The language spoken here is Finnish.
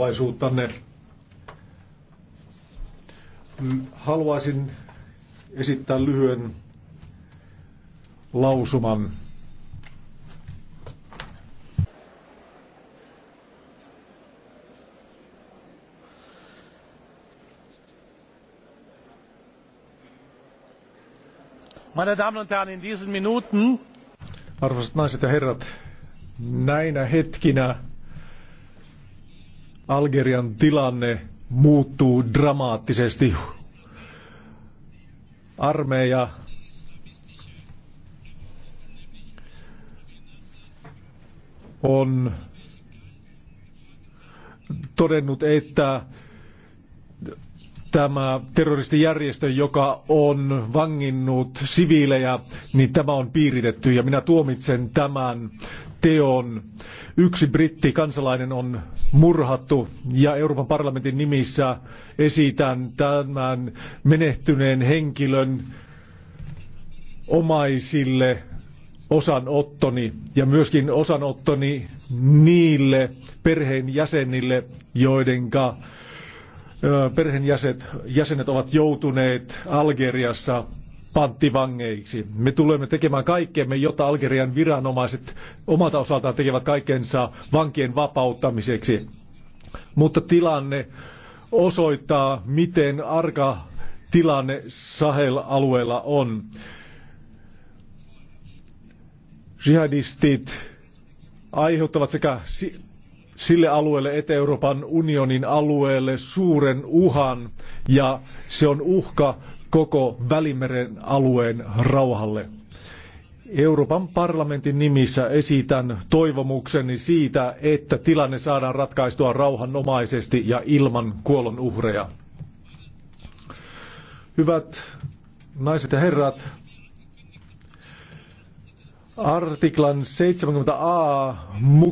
tulevaisuuttanne. Haluaisin esittää lyhyen lausuman. Meine Damen und Herren, in diesen Minuten Arvoisat naiset ja herrat, näinä hetkinä Algerian tilanne muuttuu dramaattisesti. Armeija on todennut, että tämä terroristijärjestö, joka on vanginnut siviilejä, niin tämä on piiritetty ja minä tuomitsen tämän teon. Yksi britti kansalainen on murhattu ja Euroopan parlamentin nimissä esitän tämän menehtyneen henkilön omaisille osanottoni ja myöskin osanottoni niille perheen jäsenille, joidenka perheenjäsenet jäsenet ovat joutuneet Algeriassa panttivangeiksi. Me tulemme tekemään kaikkemme, jotta Algerian viranomaiset omalta osaltaan tekevät kaikkensa vankien vapauttamiseksi. Mutta tilanne osoittaa, miten arka tilanne Sahel-alueella on. Jihadistit aiheuttavat sekä sille alueelle, että euroopan unionin alueelle suuren uhan ja se on uhka koko Välimeren alueen rauhalle. Euroopan parlamentin nimissä esitän toivomukseni siitä, että tilanne saadaan ratkaistua rauhanomaisesti ja ilman kuolonuhreja. Hyvät naiset ja herrat, artiklan 70a